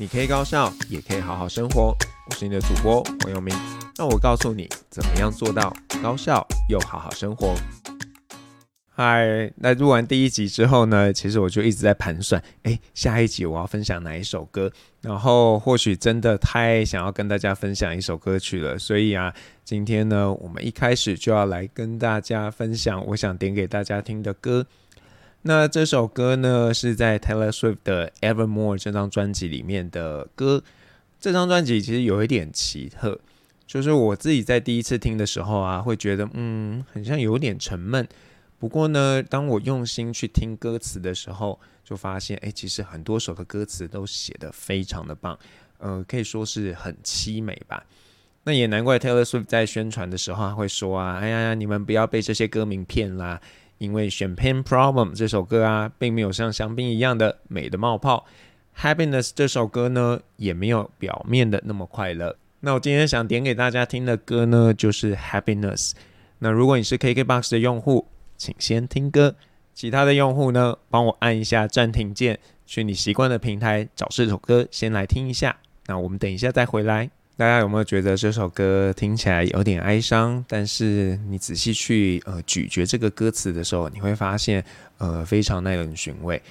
你可以高效，也可以好好生活。我是你的主播黃揚名，那我告訴你怎麼樣做到高效又好好生活。嗨，那錄完第一集之後呢，其實我就一直在盤算，哎、欸，下一集我要分享哪一首歌？然後或許真的太想要跟大家分享一首歌曲了，所以啊，今天呢，我們一開始就要來跟大家分享我想點給大家聽的歌。那這首歌呢，是在 Taylor Swift 的《Evermore》這張專輯裡面的歌。這張專輯其實有一點奇特，就是我自己在第一次聽的時候啊，會覺得嗯，好像有點沉悶。不過呢，當我用心去聽歌詞的時候，就發現哎、欸，其實很多首的歌詞都寫得非常的棒，呃，可以說是很淒美吧。那也難怪 Taylor Swift 在宣傳的時候啊，會說啊，哎呀呀，你們不要被這些歌名騙啦。因為《Champagne Problem》這首歌啊，並沒有像香檳一樣的美得冒泡，《Happiness》這首歌呢，也沒有表面的那麼快樂。那我今天想點給大家聽的歌呢，就是《Happiness》。那如果你是 KKBOX 的用戶，請先聽歌；其他的用戶呢，幫我按一下暫停鍵，去你習慣的平台找這首歌，先來聽一下。那我們等一下再回來。大家有沒有覺得這首歌聽起來有點哀傷？但是你仔細去呃咀嚼這個歌詞的時候，你會發現呃非常耐人尋味。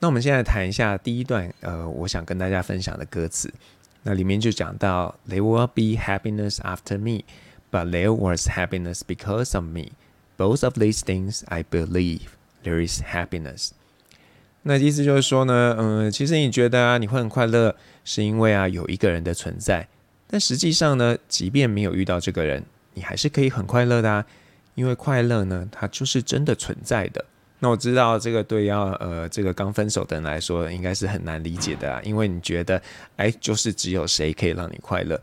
那我們現在談一下第一段呃，我想跟大家分享的歌詞。那裡面就講到，There will be happiness after me，but there was happiness because of me. Both of these things, I believe, there is happiness. 那意思就是說呢，嗯，其實你覺得啊你會很快樂，是因為啊有一個人的存在。但實際上呢，即便沒有遇到這個人，你還是可以很快樂的啊。因為快樂呢，它就是真的存在的。那我知道這個對要呃這個剛分手的人來說，應該是很難理解的啊。因為你覺得，哎、欸，就是只有誰可以讓你快樂。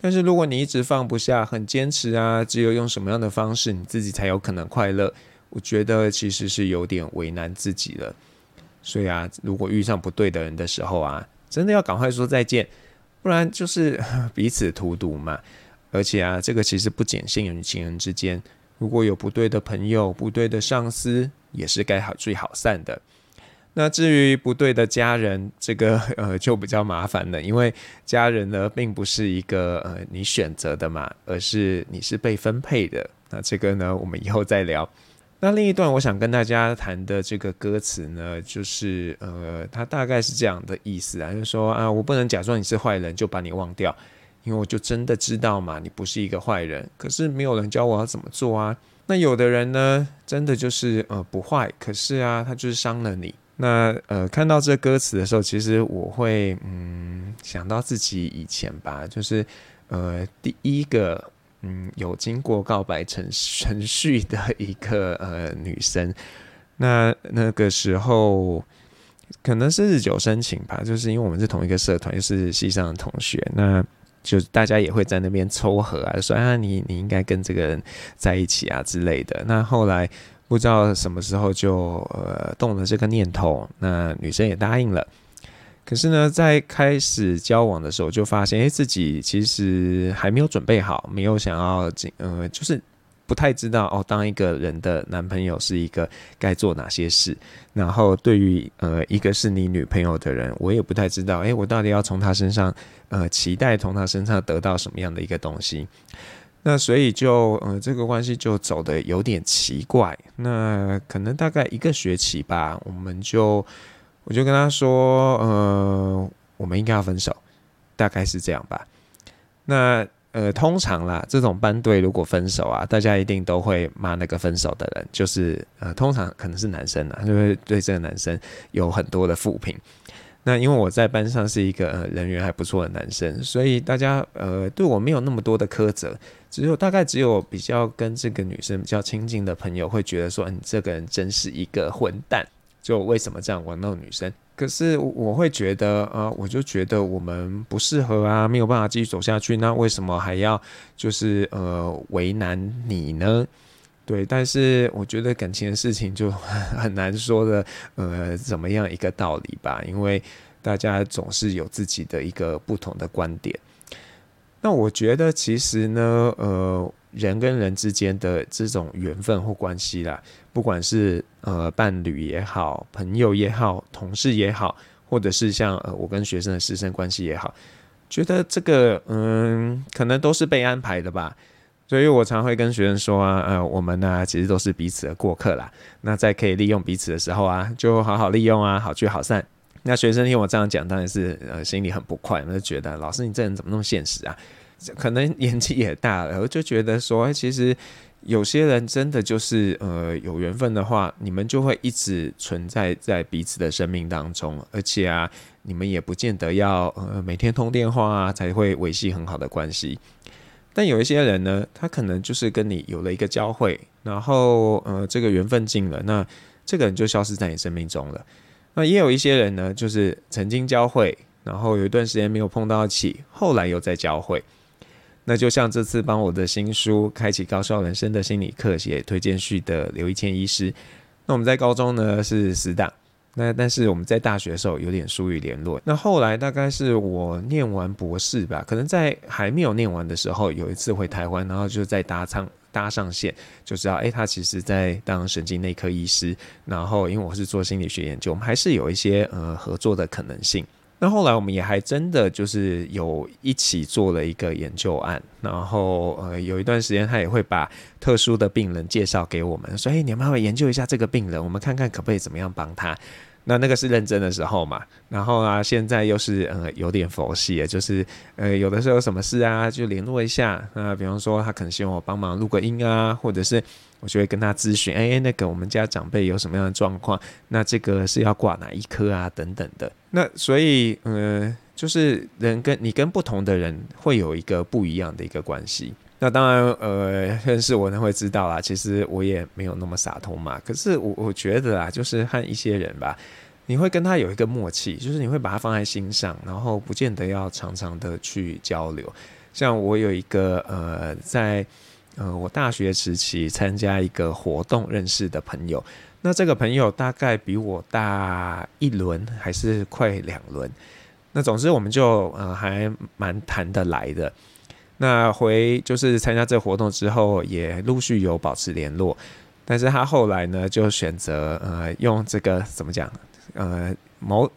但是如果你一直放不下，很堅持啊，只有用什麼樣的方式，你自己才有可能快樂。我覺得其實是有點為難自己了。所以啊，如果遇上不對的人的時候啊，真的要趕快說再見。不然就是彼此荼毒嘛，而且啊，這個其實不僅限於情人之間，如果有不對的朋友、不對的上司，也是該好聚好散的。那至於不對的家人，這個呃就比較麻煩了，因為家人呢並不是一個呃你選擇的嘛，而是你是被分配的。那這個呢，我們以後再聊。那另一段我想跟大家談的這個歌詞呢，就是呃，它大概是這樣的意思啊，就是說啊，我不能假裝你是壞人就把你忘掉，因為我就真的知道嘛，你不是一個壞人，可是沒有人教我要怎麼做啊。那有的人呢，真的就是呃不壞，可是啊，他就是傷了你。那呃，看到這歌詞的時候，其實我會嗯想到自己以前吧，就是呃第一個，嗯，有經過告白程程序的一個呃女生，那那個時候可能是日久生情吧，就是因為我們是同一個社團，又、就是系上的同學，那就大家也會在那邊撮合啊，說啊你你應該跟這個人在一起啊之類的。那後來不知道什麼時候就呃動了這個念頭，那女生也答應了。可是呢，在開始交往的時候，就發現誒、欸，自己其實還沒有準備好，沒有想要進，呃，就是不太知道哦，當一個人的男朋友是一個該做哪些事。然後對於呃，一個是你女朋友的人，我也不太知道，誒、欸，我到底要從他身上，呃，期待從他身上得到什麼樣的一個東西。那所以就，呃，這個關係就走得有點奇怪。那可能大概一個學期吧，我們就。我就跟他說，呃，我們應該要分手，大概是這樣吧。那呃，通常啦，這種班對如果分手啊，大家一定都會罵那個分手的人，就是呃，通常可能是男生啊，就會對這個男生有很多的負評。那因為我在班上是一個、呃、人緣還不錯的男生，所以大家呃，對我沒有那麼多的苛責，只有大概只有比較跟這個女生比較親近的朋友會覺得說，你、嗯、這個人真是一個混蛋。就為什麼這樣玩弄女生？可是我會覺得，啊、呃，我就覺得我們不適合啊，沒有辦法繼續走下去。那為什麼還要就是呃為難你呢？對，但是我覺得感情的事情就很難說的，呃，怎麼樣一個道理吧？因為大家總是有自己的一個不同的觀點。那我覺得其實呢，呃。人跟人之間的這種緣分或關係啦，不管是呃伴侶也好，朋友也好，同事也好，或者是像呃我跟學生的師生關係也好，覺得這個嗯可能都是被安排的吧，所以我常會跟學生說啊，呃我們呢、啊、其實都是彼此的過客啦，那在可以利用彼此的時候啊，就好好利用啊，好聚好散。那學生聽我這樣講，當然是呃心裡很不快，就覺得老師你這人怎麼那麼現實啊？可能年紀也大了，我就覺得說，其實有些人真的就是呃有緣分的話，你們就會一直存在在彼此的生命當中，而且啊，你們也不見得要呃每天通電話啊才會維繫很好的關係。但有一些人呢，他可能就是跟你有了一個交會，然後呃這個緣分盡了，那這個人就消失在你生命中了。那也有一些人呢，就是曾經交會，然後有一段時間沒有碰到一起，後來又再交會。那就像這次幫我的新書《開啟高效人生的心理課》寫推薦序的劉一謙醫師，那我們在高中呢是死黨，那但是我們在大學的時候有點疏於聯絡。那後來大概是我念完博士吧，可能在還沒有念完的時候，有一次回台灣，然後就在搭上搭上線，就知道誒、欸，他其實在當神經內科醫師，然後因為我是做心理學研究，我們還是有一些呃合作的可能性。那後來我們也還真的就是有一起做了一個研究案，然後呃有一段時間他也會把特殊的病人介紹給我們，所以你們要不要研究一下這個病人，我們看看可不可以怎麼樣幫他。那那個是認真的時候嘛，然後啊，現在又是呃有點佛系啊，就是呃有的時候什麼事啊就聯絡一下，那、呃、比方說他可能希望我幫忙錄個音啊，或者是我就會跟他諮詢，哎、欸、哎，那個我們家長輩有什麼樣的狀況，那這個是要掛哪一科啊等等的，那所以嗯、呃，就是人跟你跟不同的人會有一個不一樣的一個關係。那當然，呃，認識我才會知道啦。其實我也沒有那麼灑脫嘛。可是我我覺得啊，就是和一些人吧，你會跟他有一個默契，就是你會把他放在心上，然後不見得要常常的去交流。像我有一個呃，在呃我大學時期參加一個活動認識的朋友，那這個朋友大概比我大一輪，還是快兩輪。那總之我們就呃還蠻談得來的。那回就是參加這個活動之後，也陸續有保持聯絡，但是他後來呢，就選擇呃用這個怎麼講呃某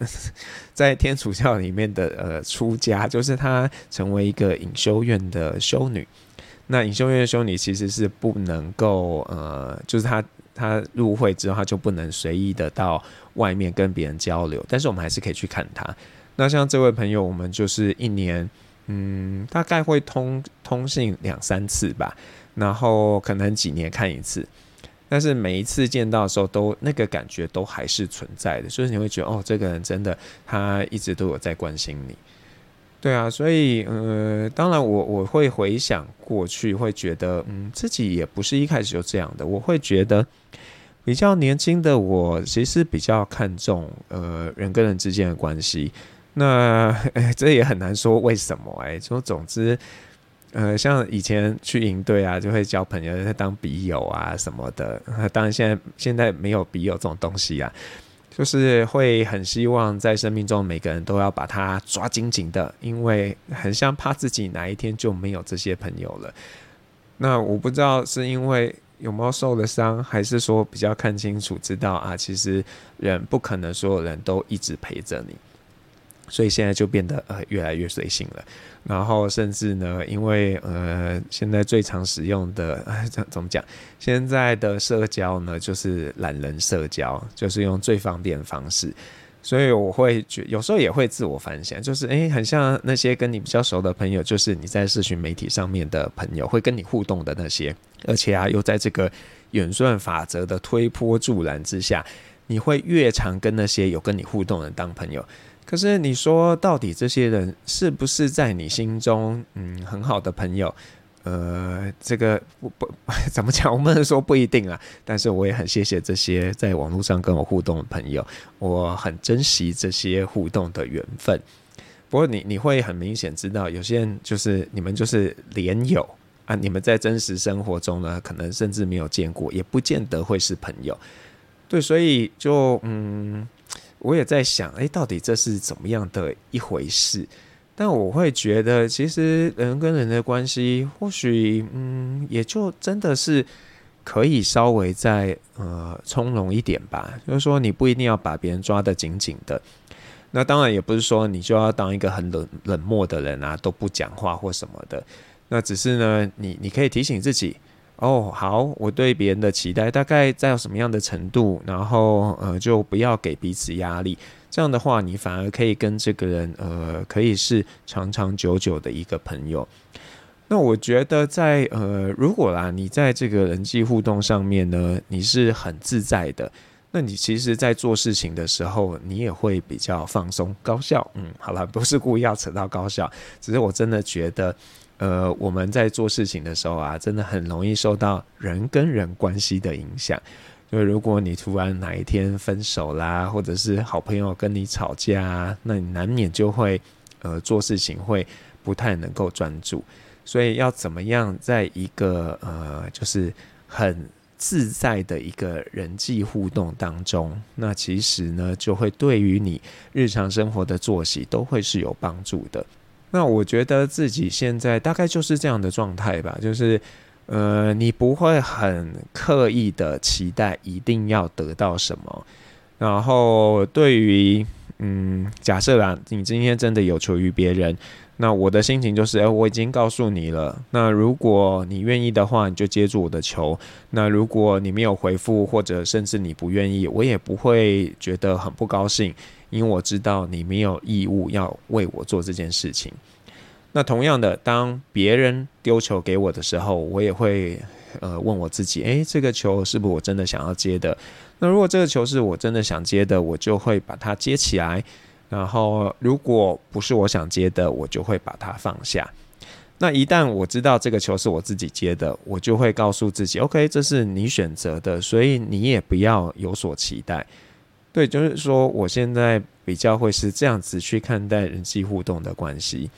在天主教裡面的呃出家，就是他成為一個隱修院的修女。那隱修院的修女其實是不能夠呃，就是他他入會之後，他就不能隨意的到外面跟別人交流，但是我們還是可以去看他。那像這位朋友，我們就是一年。嗯，大概會通通信兩三次吧，然後可能幾年看一次，但是每一次見到的時候都，都那個感覺都還是存在的，所以你會覺得哦，這個人真的他一直都有在關心你。對啊，所以呃，當然我我會回想過去，會覺得嗯，自己也不是一開始就這樣的，我會覺得比較年輕的我，其實比較看重呃人跟人之間的關係。那、欸、這也很難說為什麼哎、欸，說總之，呃，像以前去營隊啊，就會交朋友，當筆友啊什麼的。呃、當然，現在現在沒有筆友這種東西啊，就是會很希望在生命中每個人都要把他抓緊緊的，因為很像怕自己哪一天就沒有這些朋友了。那我不知道是因為有沒有受了傷，還是說比較看清楚，知道啊，其實人不可能所有人都一直陪着你。所以現在就變得、呃、越來越隨性了，然後甚至呢，因為呃現在最常使用的、呃、怎麼講？現在的社交呢，就是懶人社交，就是用最方便的方式。所以我會覺有時候也會自我反省，就是誒、欸，很像那些跟你比較熟的朋友，就是你在社群媒體上面的朋友會跟你互動的那些，而且啊又在這個演算法則的推波助瀾之下，你會越常跟那些有跟你互動的當朋友。可是，你說到底，這些人是不是在你心中，嗯，很好的朋友？呃，這個不不，怎麼講，我們說不一定啊。但是我也很謝謝這些在網絡上跟我互動的朋友，我很珍惜這些互動的緣分。不過你你會很明顯知道，有些人就是你們就是臉友啊，你們在真實生活中呢，可能甚至沒有見過，也不見得會是朋友。對，所以就嗯。我也在想，哎，到底這是怎麼樣的一回事？但我會覺得，其實人跟人的關係，或許，嗯，也就真的是可以稍微再呃從容一點吧。就是說，你不一定要把別人抓得緊緊的。那當然也不是說你就要當一個很冷冷漠的人啊，都不講話或什麼的。那只是呢，你你可以提醒自己。哦，好，我對別人的期待大概在什麼樣的程度，然後呃，就不要給彼此壓力。這樣的話，你反而可以跟這個人呃，可以是長長久久的一個朋友。那我覺得在呃，如果啦，你在這個人際互動上面呢，你是很自在的，那你其實，在做事情的時候，你也會比較放鬆，高效。嗯，好了，不是故意要扯到高效，只是我真的覺得。呃，我們在做事情的時候啊，真的很容易受到人跟人關係的影響。就如果你突然哪一天分手啦，或者是好朋友跟你吵架啊，那你難免就會，呃，做事情會不太能夠專注。所以要怎麼樣，在一個，呃，就是很自在的一個人際互動當中，那其實呢，就會對於你日常生活的作息都會是有幫助的。那我覺得自己現在大概就是這樣的狀態吧，就是，呃，你不會很刻意的期待一定要得到什麼。然後對於，嗯，假設啊，你今天真的有求於別人，那我的心情就是，欸，我已經告訴你了，那如果你願意的話，你就接住我的球。那如果你沒有回復，或者甚至你不願意，我也不會覺得很不高興。因為我知道你沒有義務要為我做這件事情。那同樣的，當別人丟球給我的時候，我也會呃問我自己，誒，這個球是不是我真的想要接的？那如果這個球是我真的想接的，我就會把它接起來，然後如果不是我想接的，我就會把它放下。那一旦我知道這個球是我自己接的，我就會告訴自己，OK，這是你選擇的，所以你也不要有所期待。對，就是說，我現在比較會是這樣子去看待人際互動的關係。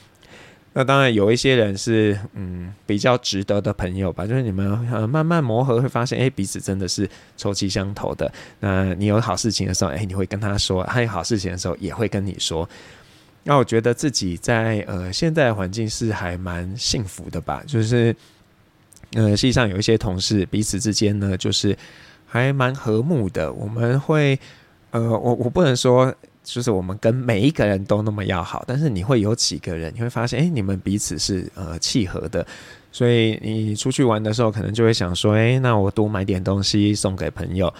那當然，有一些人是嗯比較值得的朋友吧。就是你們、呃、慢慢磨合，會發現，誒彼此真的是臭氣相投的。那你有好事情的時候，誒你會跟他說，他有好事情的時候，也會跟你說。那我覺得自己在呃現在的環境是還蠻幸福的吧。就是呃，實際上有一些同事彼此之間呢，就是還蠻和睦的。我們會。呃，我我不能說，就是我們跟每一個人都那麼要好，但是你會有幾個人，你會發現，欸，你們彼此是呃契合的，所以你出去玩的時候，可能就會想說，欸，那我多買點東西送給朋友。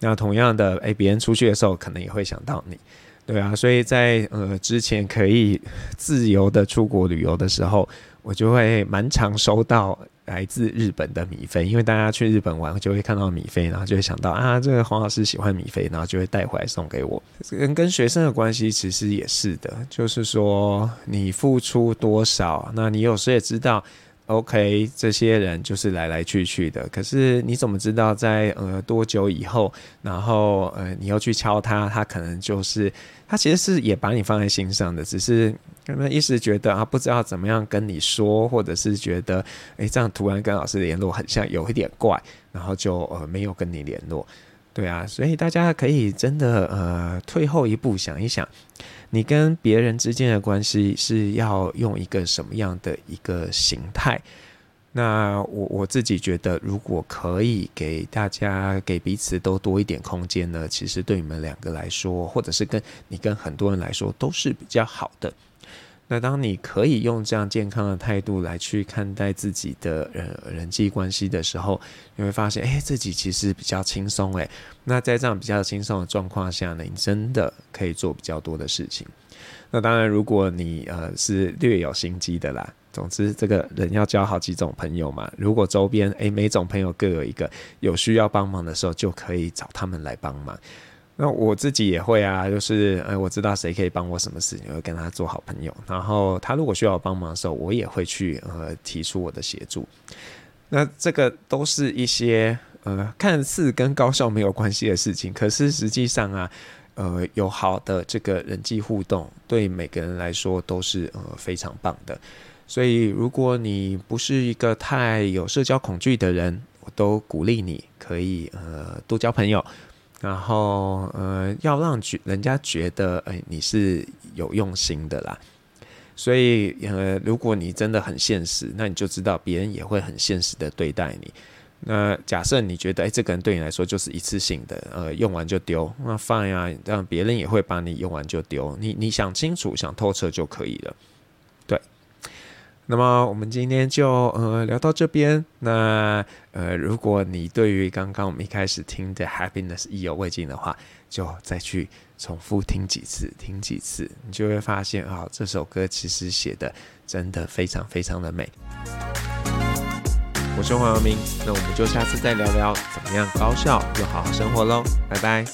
那同樣的，欸，別人出去的時候，可能也會想到你，對啊。所以在呃之前可以自由的出國旅遊的時候。我就會蠻常收到來自日本的米菲，因為大家去日本玩就會看到米菲，然後就會想到啊，這個黃老師喜歡米菲，然後就會帶回來送給我。跟跟學生的關係其實也是的，就是說你付出多少，那你有時也知道。OK，這些人就是來來去去的，可是你怎麼知道在呃多久以後，然後呃你又去敲他，他可能就是他其實是也把你放在心上的，只是他們一時覺得啊，不知道怎麼樣跟你說，或者是覺得誒，這樣突然跟老師聯絡很像有一點怪，然後就呃沒有跟你聯絡。對啊，所以大家可以真的呃退後一步想一想。你跟別人之間的關係是要用一個什麼樣的一個形態？那我我自己覺得，如果可以給大家，給彼此都多一點空間呢，其實對你們兩個來說，或者是跟你跟很多人來說，都是比較好的。那當你可以用這樣健康的態度來去看待自己的人人際關係的時候，你會發現，誒、欸，自己其實比較輕鬆，誒，那在這樣比較輕鬆的狀況下呢，你真的可以做比較多的事情。那當然，如果你呃是略有心機的啦，總之這個人要交好幾種朋友嘛。如果周邊誒、欸，每種朋友各有一個，有需要幫忙的時候就可以找他們來幫忙。那我自己也會啊，就是，哎，我知道誰可以幫我什麼事情，我會跟他做好朋友。然後他如果需要我幫忙的時候，我也會去，呃，提出我的協助。那這個都是一些，呃，看似跟高效沒有關係的事情，可是實際上啊，呃，有好的這個人際互動，對每個人來說都是，呃，非常棒的。所以，如果你不是一個太有社交恐懼的人，我都鼓勵你可以，呃，多交朋友。然後，呃，要讓覺人家覺得，哎、欸，你是有用心的啦。所以，呃，如果你真的很現實，那你就知道別人也會很現實的對待你。那假設你覺得，哎、欸，這個人對你來說就是一次性的，呃，用完就丟，那 fine 啊，讓別人也會把你用完就丟。你你想清楚、想透徹就可以了。那麼我們今天就呃聊到這邊。那呃，如果你對於剛剛我們一開始聽的《Happiness》意猶未盡的話，就再去重複聽幾次，聽幾次，你就會發現啊，這首歌其實寫得真的非常非常的美。我是黃揚名，那我們就下次再聊聊怎麼樣高效又好好生活嘍，拜拜。